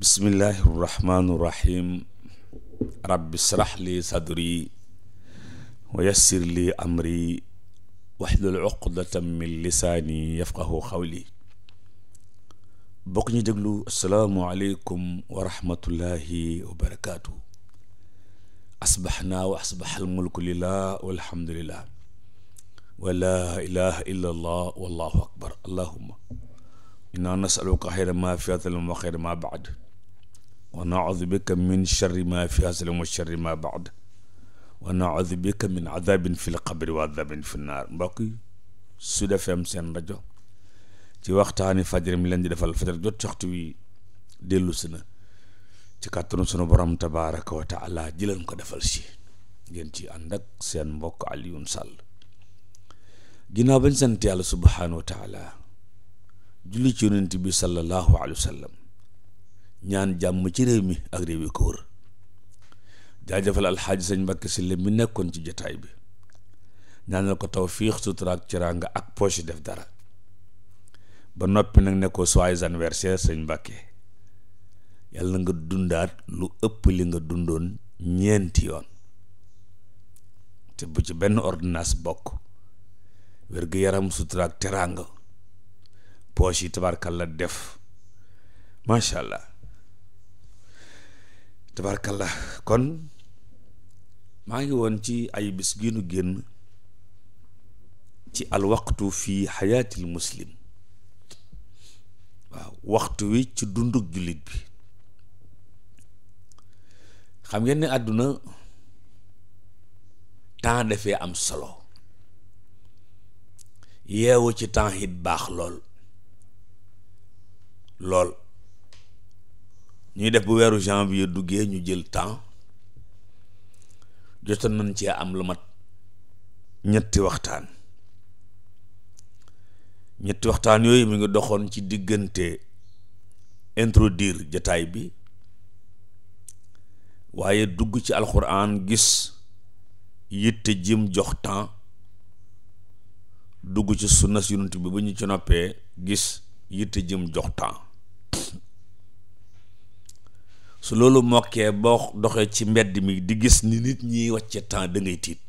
bismillahi irrahmani irrahim rabbi shrah li sadri wa yassir li amri waxlul uqdatan min lisaani yafqahu xawli bokk ñu déglu asalaamualeykum wa rahmatullahi wa barakaatu asbaxnaa wa asbaxal mulku lillah walhamdulillah wa laa ilaha illa allah wallahu akbar allahuma inna nasaluka xayra ma fi atalum wa xayra ma baad wa naudu bika min charri ma fi aslam wa charri ma baad wa naudu bika min adabin fi lqabri wa adabin fi naar mbokk yi Sud FM seen rajo ci waxtaani fajar mi leen di defal fajar jot waxtu wi dellu si na ci kàttanu sunu borom tabaraka wa taala ji leen ko defal si ngeen ci ànd ak seen mbokk Alioune Sall ginnaaw bañ sant yàlla subhanahu wa taala julli ci yonent bi sallallahu alayhi wa sallam ñaan jàmm ci réew mi ak réew yi ko wër jaajëfal alxaaji sëñ Mbàkke Sylla mi nekkoon ci jotaay bi na ko taw sutura ak ciraanga ak poche def dara ba noppi nag nekkoo ko anniversaire sëñ Mbàkke yàlla nga dundaat lu ëpp li nga dundoon ñeenti yoon te bu ci benn ordonnance bokk wér-gu-yaram sutura ak teraanga poche yi tabarkal la def macha allah la kon maa ngi woon ci ay bis gi génn ci alwaqtu fi xayaatil muslim waaw waxtu wi ci dundug jullit bi xam ngeen ne àdduna temps dafee am solo yeewu ci temps it baax lool lool ñuy def bu weeru janvier duggee ñu jël temps jotoon nañ cee am lu mat ñetti waxtaan ñetti waxtaan yooyu mi ngi doxoon ci diggante introduire jataay bi waaye dugg ci alxuraan gis yitte jim jox temps dugg ci sunnas yonent bi bu ñu ci noppee gis yitte jim jox temps su loolu mokkee boo doxee ci mbedd mi di gis ni nit ñi wacce temps da ngay tiit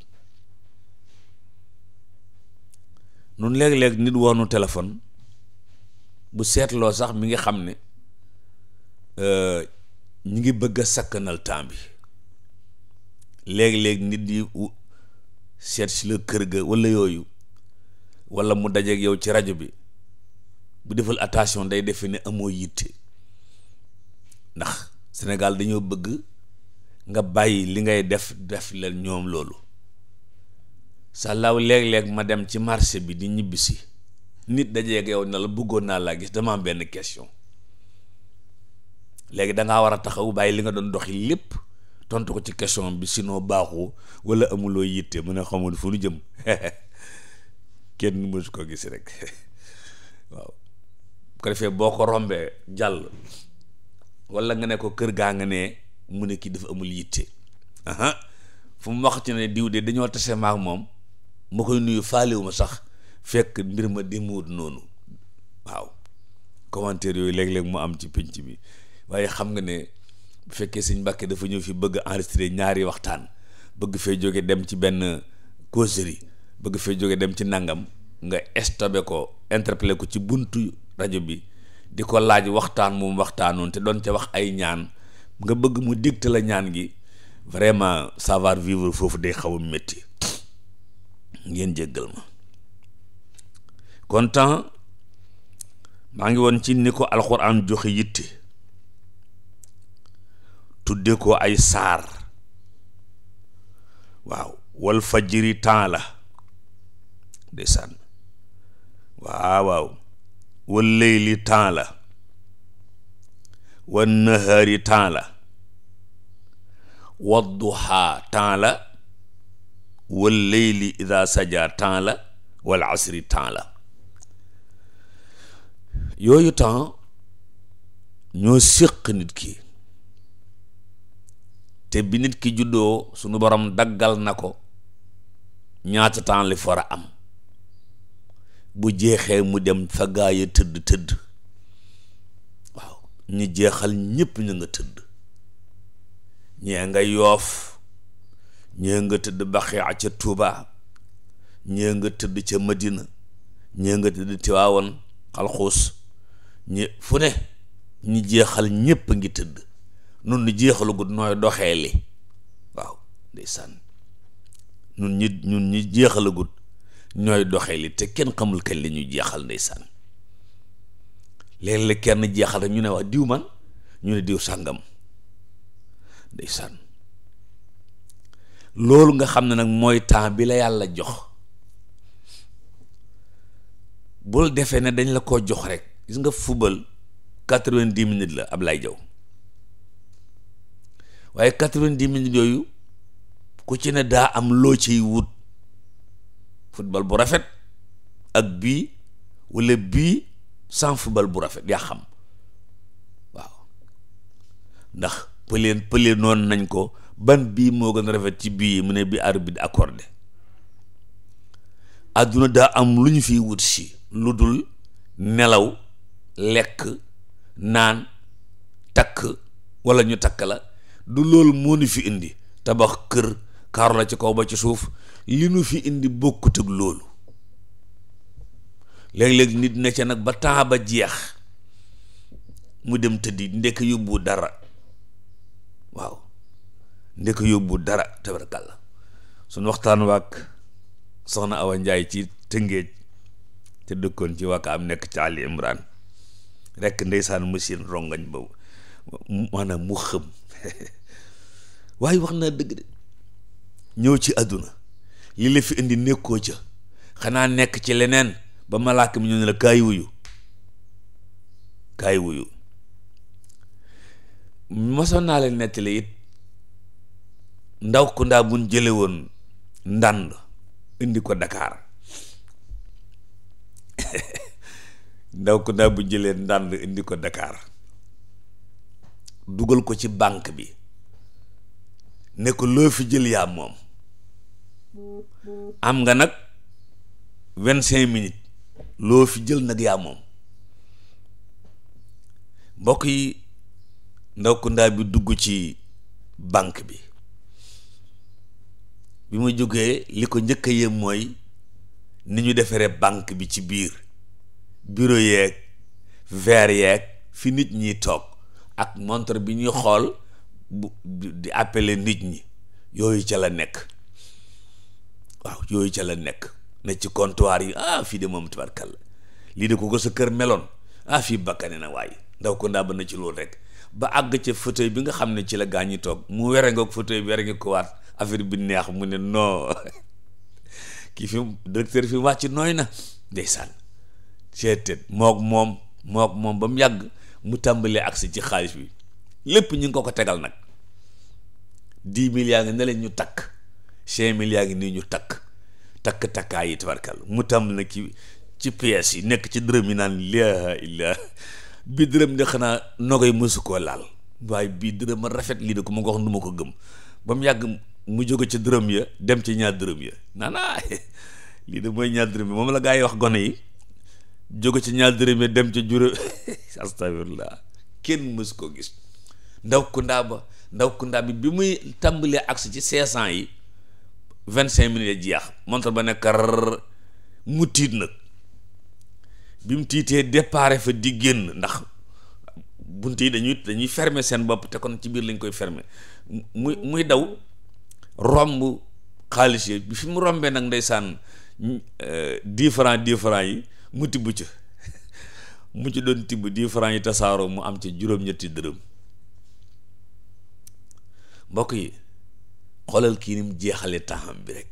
nun léeg-léeg nit woonu téléphone bu seetloo sax mi ngi xam ne euh, ñi ngi bëgg a sakkanal temps bi léeg-léeg nit yi seet si la kër ga walla yooyu walla mu dajeeg yow ci rajo bi bu defal attention day defe ne amoo yitte ndax Sénégal dañoo bëgg nga bàyyi li ngay def def leen ñoom loolu sa law léeg-léeg ma dem ci marché bi di ñibbisi nit dajeeg yow na la bëggoon naa laa gis dama benn question léegi dangaa war a taxaw bàyyi li nga dox doxi lépp tontu ko ci question bi sinon baaxoo wala amuloo yitte mu ne xamul fu nu jëm kenn mësu ko gis rek waaw bu ko defee boo ko rombee jàll wala nga ne ko kër gaa nga ne mu ne kii dafa amul yitte aha fu mu wax ci ne diw de dañoo tase maak moom mu koy nuyu faalewu ma sax fekk mbir ma demuut noonu waaw commentaire yooyu léeg-léeg mu am ci pinc bi waaye xam nga ne bu fekkee sëñ Mbàkke dafa ñëw fi bëgg enregistré ñaari waxtaan bëgg fee jóge dem ci benn causerie bëgg fee jóge dem ci nangam nga stopé ko interpellé ko ci buntu rajo bi di ko laaj waxtaan moom waxtaanoon te doon ca wax ay ñaan nga bëgg mu digte la ñaan gi vraiment savoir vivre foofu day xaw metti ngeen jéggal ma temps maa ngi woon ci ni ko alxuraan joxe yitte tudde ko ay saar waaw wal fajiri temps la ndeysaan waaw wal leyli la wan nahaari temps la wadduhaa temps la wal leyli ida saja la wal asri temps la yooyu temps ñoo siq nit ki te bi nit ki juddoo sunu borom daggal na ko ñaata temps li fara am bu jeexee mu dem fa gaa ya tëdd tëdd waaw ñu jeexal ñépp ñu nga tëdd ñee nga yoof ñee nga tëdd Baxiya ca tuuba ñee nga tëdd ca Madina ñee nga tëdd Tiwaawan Xalxuus ñi fu ne ñu jeexal ñëpp ngi tëdd nun nu jeexalugut nooy doxee li waaw ndeysaan nun ñi ñun ñi jeexalagut ñooy doxee li te kenn xamul kañ la ñuy jeexal ndeysaan léeg-léeg kenn jeexal rek ñu ne wax diw man ñu ne diw sàngam ndeysaan loolu nga xam ne nag mooy temps bi la yàlla jox bul defee ne dañ la ko jox rek gis nga football quatre-vingt-dix minutes la Ablaye Diaw waaye quatre-vingt-dix minutes yooyu ku ci ne daa am loo ciy wut football bu rafet ak bii wala bii sans football bu rafet yaa xam waaw ndax pëleen pëleen noonu nañ ko ban bii moo gën a rafet ci bii mu ne bi arbitre accordé àdduna daa am lu ñu fi wut si lu dul nelaw lekk naan takk wala ñu takk la du loolu moo ñu fi indi tabax kër kaar la ci kaw ba ci suuf li nu fi indi bokkut ak loolu léeg-léeg nit ne nag ba temps ba jeex mu dem tëddi ndekk yóbbu dara waaw ndekk yóbbu dara tabarakàlla suñu waxtaan waak soxna Awa Njaay ci tëngéej te dëkkoon ci waaka am nekk ci Ali rekk ndeysaan machine rongañ ba maanaam mu xëm waaye wax naa dëgg de ñëw ci àdduna li la fi indi nekkoo ca xanaa nekk ci leneen ba malaaka mi ñu ne la kaay wuyu kaay wuyu it ndaw ku bu buñ jële ndànd indi ko Dakar ndaw ku ndaa buñ jëlee ndànd indi ko Dakar dugal ko ci banque bi ne ko loo fi jël yaa moom am nga nag vingt cinq minutes loo fi jël nag yaa moom mbokk yi ndaw ku ndaa bi dugg ci banque bi bi mu jógee li ko njëkk a yëm mooy ni ñu defaree banque bi ci biir bureau yeeg verre yeeg fi nit ñiy toog ak montre bi ñuy xool bu di appeler nit ñi yooyu ca la nekk waaw yooyu ca la nekk ne ci comptoir yi ah fii de moom tubarkalla lii de ko ko sa kër meloon ah fii bakkane na waaye ndaw ko ndaa ba na ci loolu rek ba àgg ca fauteuil bi nga xam ne ci la gaa ñi toog mu were nga fauteuil bi were affaire bi neex mu ne non kii fi directeur fi wàcc nooy na ndeysaan seetet moom ba mu yàgg mu tàmbalee agsi ci xaalis bi lépp ñu ngi ko ko tegal nag dix milliards ngi ne ñu takk cinq milliards ngi nii ñu takk takk takkaa yi tabarkal mu tam na ci ci pièces yi nekk ci dërëm yi naan laa ilaa bii xanaa nogay mësu koo laal waaye bii dërëm a rafet lii de ko ma nu ma ko gëm ba mu yàgg mu jóge ci dërëm ya dem ci ñaar dërëm ya naanaa lii de mooy ñaar dërëm ya moom la gaa yi wax gone yi jóge ci ñaar dërëm ya dem ci juróom astafirullah kenn mësu koo gis ndaw kundaa ba ndaw kundaa bi bi muy tàmbalee agsi ci cinq cent yi vingt cinq minutes ya jeex montre ba nekk mu tiit nag bi mu tiitee départ fa di génn ndax bunt yi dañuy dañuy fermer seen bopp te kon ci biir lañ koy ferme mu muy daw romb xaalis yi bi fi mu rombee nag nday euh, dix francs dix francs yi mu tibb ca mu ci doon tibb dix francs yi tasaaroo mu am ci juróom-ñetti dërëm mbokk yi xoolal kii ni mu jeexale taxam bi rek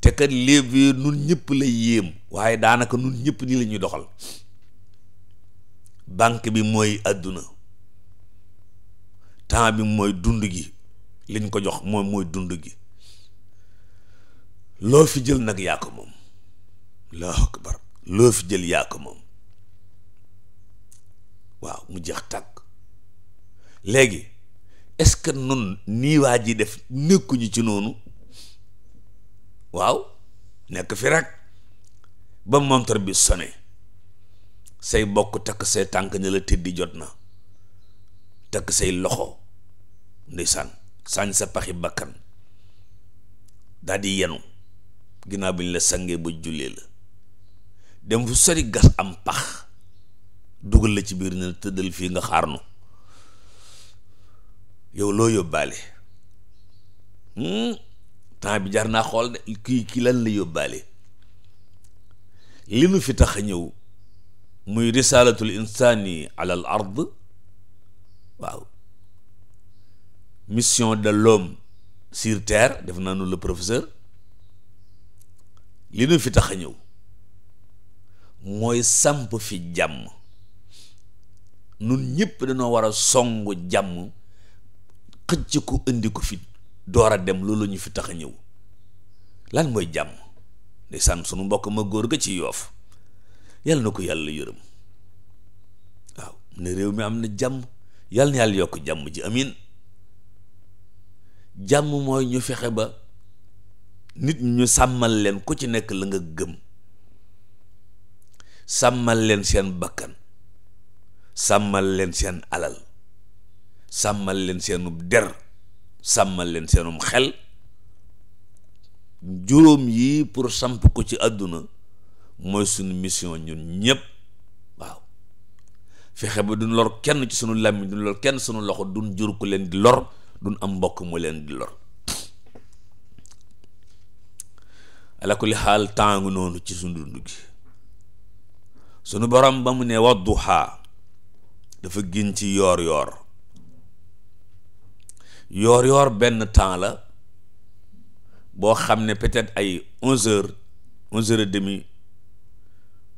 te kat léegi nun ñëpp la yéem waaye daanaka nun ñëpp ni lañuy doxal banque bi mooy àdduna temps bi mooy dund gi liñ ko jox moom mooy dund gi loo fi jël nag yaa ko moom loo fi jël yaa ko moom waaw mu jeex tàkk léegi est-ce que nun nii waa ji def nekkuñu ci noonu waaw nekk fi rek ba montre bi sone say bokk takk say tànk ne la tëddi jot na takk say loxo ndeysaan sàñ sa paxi bakkan daal di yenu ginnaaw bi ñu la sangee ba jullee la dem fu sori gas am pax dugal la ci biir ne tëddal fii nga xaar noo yow loo yóbbaale hmm? temps bi jar naa xool de kii kii lan la yóbbaale li nu fi tax a ñëw muy risaalatul insaani ala al ard waaw mission de l'homme sur terre def naa nu le professeur li nu fi tax a ñëw mooy samp fi jàmm nun ñëpp dañoo war a songu jàmm xëcc ko indi ko fi door a dem loolu ñu fi tax a ñëw lan mooy jàmm san sunu mbokk ma góor ga ci yoof yàlla na ko yàlla yërëm waaw ne réew mi am na jàmm yal na yàlla yokk jàmm ji amin jàmm mooy ñu fexe ba nit ñu sàmmal leen ku ci nekk la nga gëm sàmmal leen seen bakkan sàmmal leen seen alal sàmmal leen seenum der sàmmal leen seenum xel juróom yi pour samp ko ci àdduna mooy suñu mission ñun ñëpp waaw fexe ba duñ lor kenn ci sunu làmmiñ duñ lor kenn sunu loxo duñ jur ko leen di lor duñ am mbokk mu leen di lor ala kulli xaal tàng noonu ci sunu dund gi sunu boroom ba mu ne wadduha dafa gin ci yoor yoor yoor yoor benn temps la boo xam ne peut-être ay onze heures onze heures et demi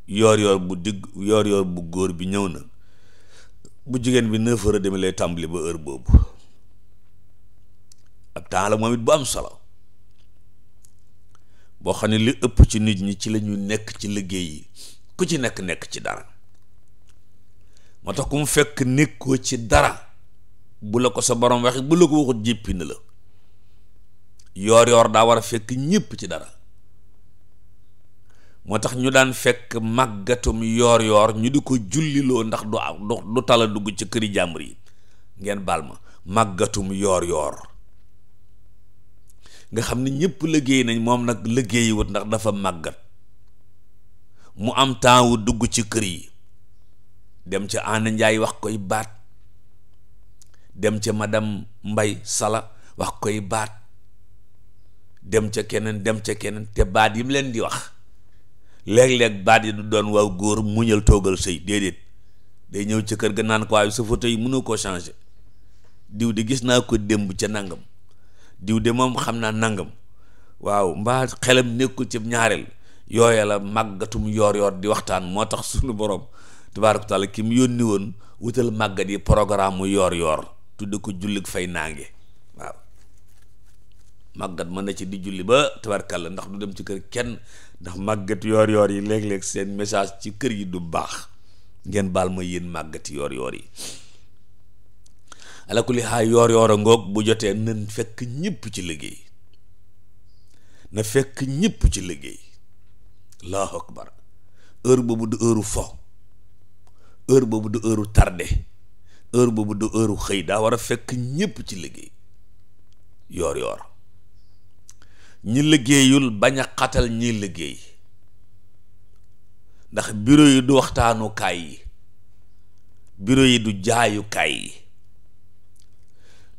yoor yoor bu digg yoor yoor bu góor bi ñëw na bu jigéen bi neuf heures et demi lay tàmbali ba heure boobu ab temps la moom it bu am solo boo xam ne li ëpp ci nit ñi ci lañuy nekk ci liggéey yi ku ci nekk nekk ci dara moo tax ku mu fekk nekkoo ci dara bu la ko sa borom waxee bu la ko waxut jéppi la yoor yoor daa war a fekk ñépp ci dara moo tax ñu daan fekk màggatum yoor yoor ñu di ko julliloo ndax du du du tala dugg ci këri jàmbur yi ngeen baal ma màggatum yoor yoor nga xam ni ñépp liggéey nañ moom nag liggéeyiwut ndax dafa màggat mu am temps dugg ci kër yi dem ci ànd njaay wax koy baat dem ca madame Mbay Sala wax koy baat dem ca keneen dem ca keneen te baat yi mu leen di wax léeg-léeg baat yi du doon waaw góor muñal toogal sëy déedéet day ñëw ca kër ga naan ko waayu sa photo yi ko koo changer diw de gis naa ko démb ca nangam diw de moom xam naa nangam waaw mbaa xelam nekkul ca ñaareel yooya la màggatum yoor yoor di waxtaan moo tax sunu borom tabaaraka taala ki mu yónni woon wutal màggat yi programme mu yoor yoor tudde ko jullik fay naange waaw màggat mën na ci di julli ba tabarkàlla ndax du dem ci kër kenn ndax màggat yoor yoor yi léeg-léeg seen message ci kër yi du baax ngeen baal ma yéen màggati yoor yoor yi alakuli xaa yoor yoor a ngoog bu jotee nan fekk ñëpp ci liggéey na fekk ñëpp ci liggéey allahu akbar heure boobu du heure fo heure boobu du heure tardé heure boobu du heure xëy daa war a fekk ñépp ci liggéey yoor yoor ñi liggéeyul bañ a ñi liggéey ndax bureau yi du waxtaanukaay yi bureau yi du jaayukaay yi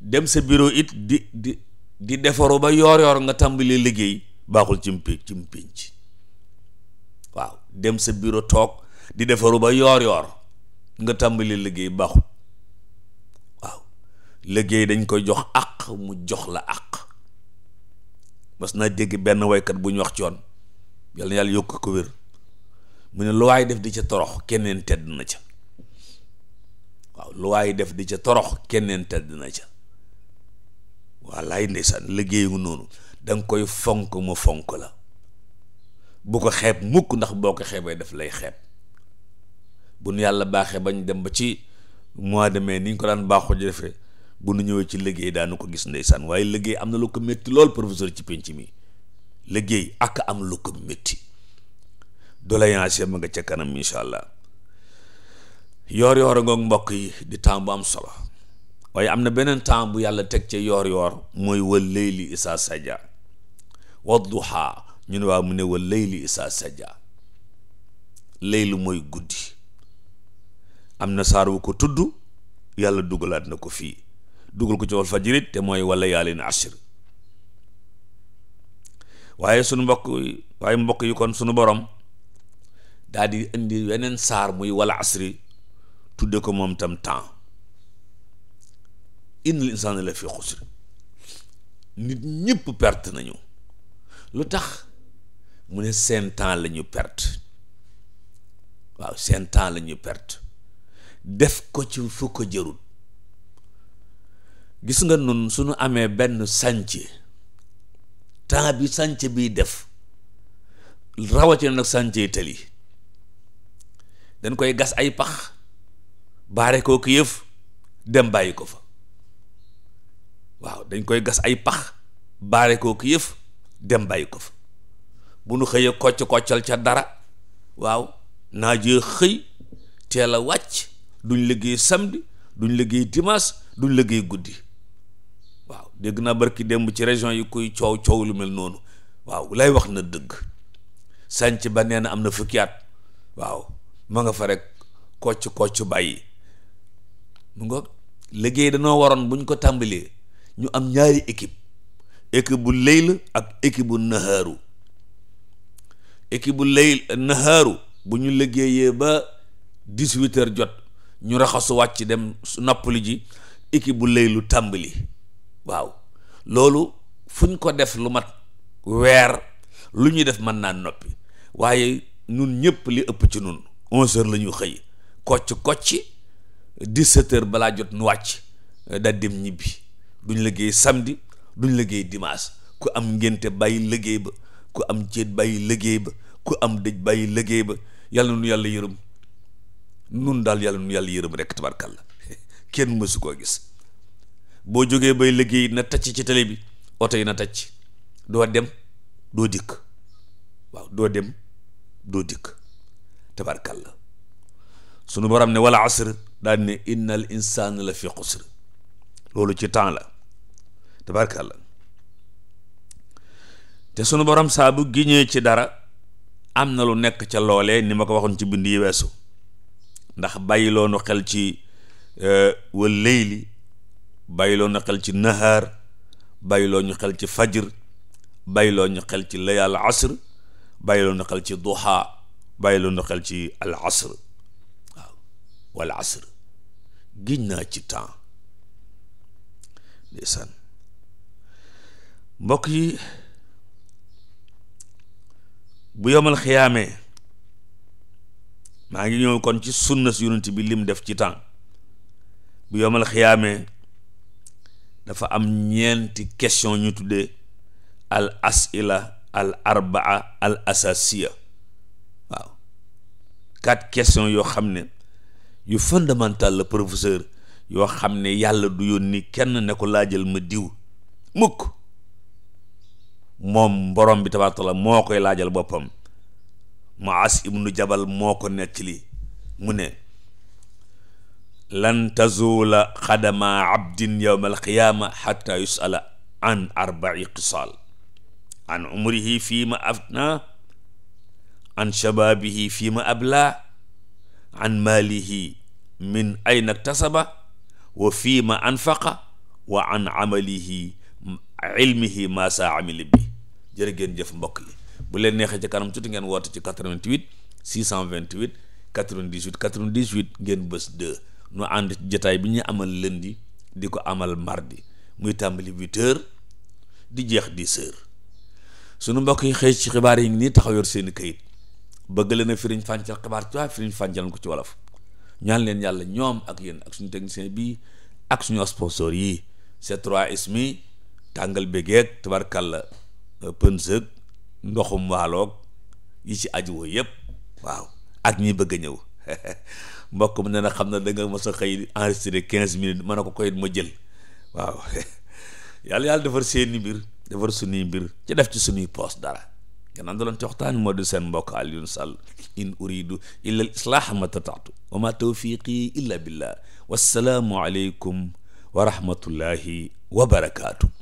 dem sa bureau it di di di defaru ba yoor yoor nga tàmbali liggéey baaxul ci waaw dem sa bureau toog di defaru ba yoor nga tàmbali liggéey baaxul liggéey dañ koy jox àq mu jox la àq mas naa dégg benn woykat bu ñu wax coon yal na yàlla yokk ko wér mu ne lu waay def di ca torox keneen tedd na ca waaw lu waay def di ca torox keneen tedd na ca wallaay ndeysaan liggéeyu noonu danga koy fonk mu fonk la bu ko xeeb mukk ndax boo ko xeebee def lay xeeb bu nu yàlla baaxee bañ dem ba ci mois de mai ni ñu ko daan baaxoo ji defee bu nu ñëwee ci liggéey daanu ko gis ndeysaan waaye liggéey am na lu ko métti lool professeur ci penc mi liggéey ak am lu ko métti doléance ma nga ca kanam incha allah yoor yoor ngoog mbokk yi di temps bu am solo waaye am na beneen temps bu yàlla teg ca yoor yoor mooy wal layli isaa mu ne wal layli isaa saja laylu guddi am na saar wu ko tudd yàlla dugalaat na ko fii dugal ko ci wal fajrit te mooy wala yaalin ashr waaye sunu mbokk waaye mbokk yi kon sunu borom daal di indi weneen saar muy wala asri tudde ko moom tam temps innal insaana la fi xusri nit ñëpp perte nañu lu tax mu ne seen temps la ñu perte waaw seen temps la perte def ko ci fu ko jërut gis nga nun suñu amee benn sànce temps bi biy def rawatina nag sànce yi dañ koy gas ay pax baare koo ki yëf dem bàyyi ko fa waaw dañ koy gas ay pax baare koo ki yëf dem bàyyi ko fa bu nu xëyee kocc koccal ca dara waaw naajee xëy teel wàcc duñ liggéey samedi duñ liggéey dimanche duñ liggéey guddi waaw dégg naa barki démb ci région yi kuy coow coow lu mel noonu waaw lay wax na dëgg sànc ba nee am na fukki waaw ma nga fa rek kocc kocc bàyyi mu nga liggéey danoo waroon bu ñu ko tàmbalee ñu am ñaari équipe équipe bu leyl ak équipe bu nahaaru équipe bu leyl nahaaru bu ñu liggéeyee ba dix jot ñu raxasu wàcc dem su noppalu ji équipe bu leylu tàmbali waaw loolu fuñ ko def lu mat weer lu ñuy def mën naa noppi waaye nun ñëpp li ëpp ci nun onze heures la ñu xëy kocc kocc di sept balaa jot nu wàcc da dem ñibbi duñ liggéey samdi duñ liggéey dimaas ku am ngénte bàyyi liggéey ba ku am céet bàyyi liggéey ba ku am dëj bàyyi liggéey ba yàlla nu yàlla yërëm nun daal yàlla nu yàlla yërëm rek tabarkàlla kenn mësu koo gis boo jógee bay liggéey na tacc ci tali bi oto yi na tacc doo dem doo dikk waaw doo dem doo dikk tabarkalla sunu borom ne wala asr daal ne innal la fi ci temps la tabarkalla te sunu borom saa bu giñee ci dara am na lu nekk ca loole ni ma ko waxoon ci bind yi weesu ndax bàyyi loo loonu xel ci euh, wal layli bàyyiloo na xel ci nahaar bàyyiloo ñu xel ci fajir bàyyiloo ñu xel ci layaal asr bàyyiloo na xel ci duhaa bàyyiloo na xel ci al asr waaw wal asr giñ naa ci temps mbokk yi bu yomal xiyaamee maa ngi ñëw kon ci sunna si yonent bi lim def ci temps bu yomal xiyaamee dafa am ñeenti question ñu tuddee al asila al arbaa al asasiya waaw quatre questions yoo xam ne yu fondamental la professeur yoo xam ne yàlla du ni kenn ne ko laajal ma diw mukk moom borom bi tabaaraka moo koy laajal boppam Muaas ibnu Jabal moo ko nettali mu ne lan tazuula xadama abdin yowma alqiyaama xata yusala an arbai xisaal an umrihi fiima afna an shababihi fiima abla an maalihi min ayna ktasaba wa fiima anfaqa wa an amalihi ilmihi ma saa amila bi jërë ngeen jëf mbokk yi bu leen neexee ci kanam tuuti ngeen woote ci 88 628 98 98 ngeen bës 2 nu ànd ci jotaay bi ñu amal lundi di ko amal mardi muy tàmbali huit di jeex dix heures sunu mbokk yi xëy ci xibaar yi ngi nii taxaw yor seeni kayit bëgg leen a firiñ fàncal xibaar ci waa firiñ fàncal ko ci wolof ñaan leen yàlla ñoom ak yéen ak suñu technicien bii ak suñu sponsor yi C3S mi tàngal bégeeg tabarkàlla pënsëg ndoxum waaloog yi ci aju woo yëpp waaw ak ñi bëgg a ñëw mbokk mi ne na xam na da nga mos a xëy enregistré quinze minutes ma na ko koy ma jël waaw yàlla yàlla defar seeni mbir defar suñuy mbir ci def ci suñuy poos dara ganaan da loon ci waxtaan moo di seen mbokk Alioune Sall in uridu illa al islaaha ma tataatu wa ma tawfiqi illa billah wassalaamu aleykum wa rahmatullahi wa barakaatu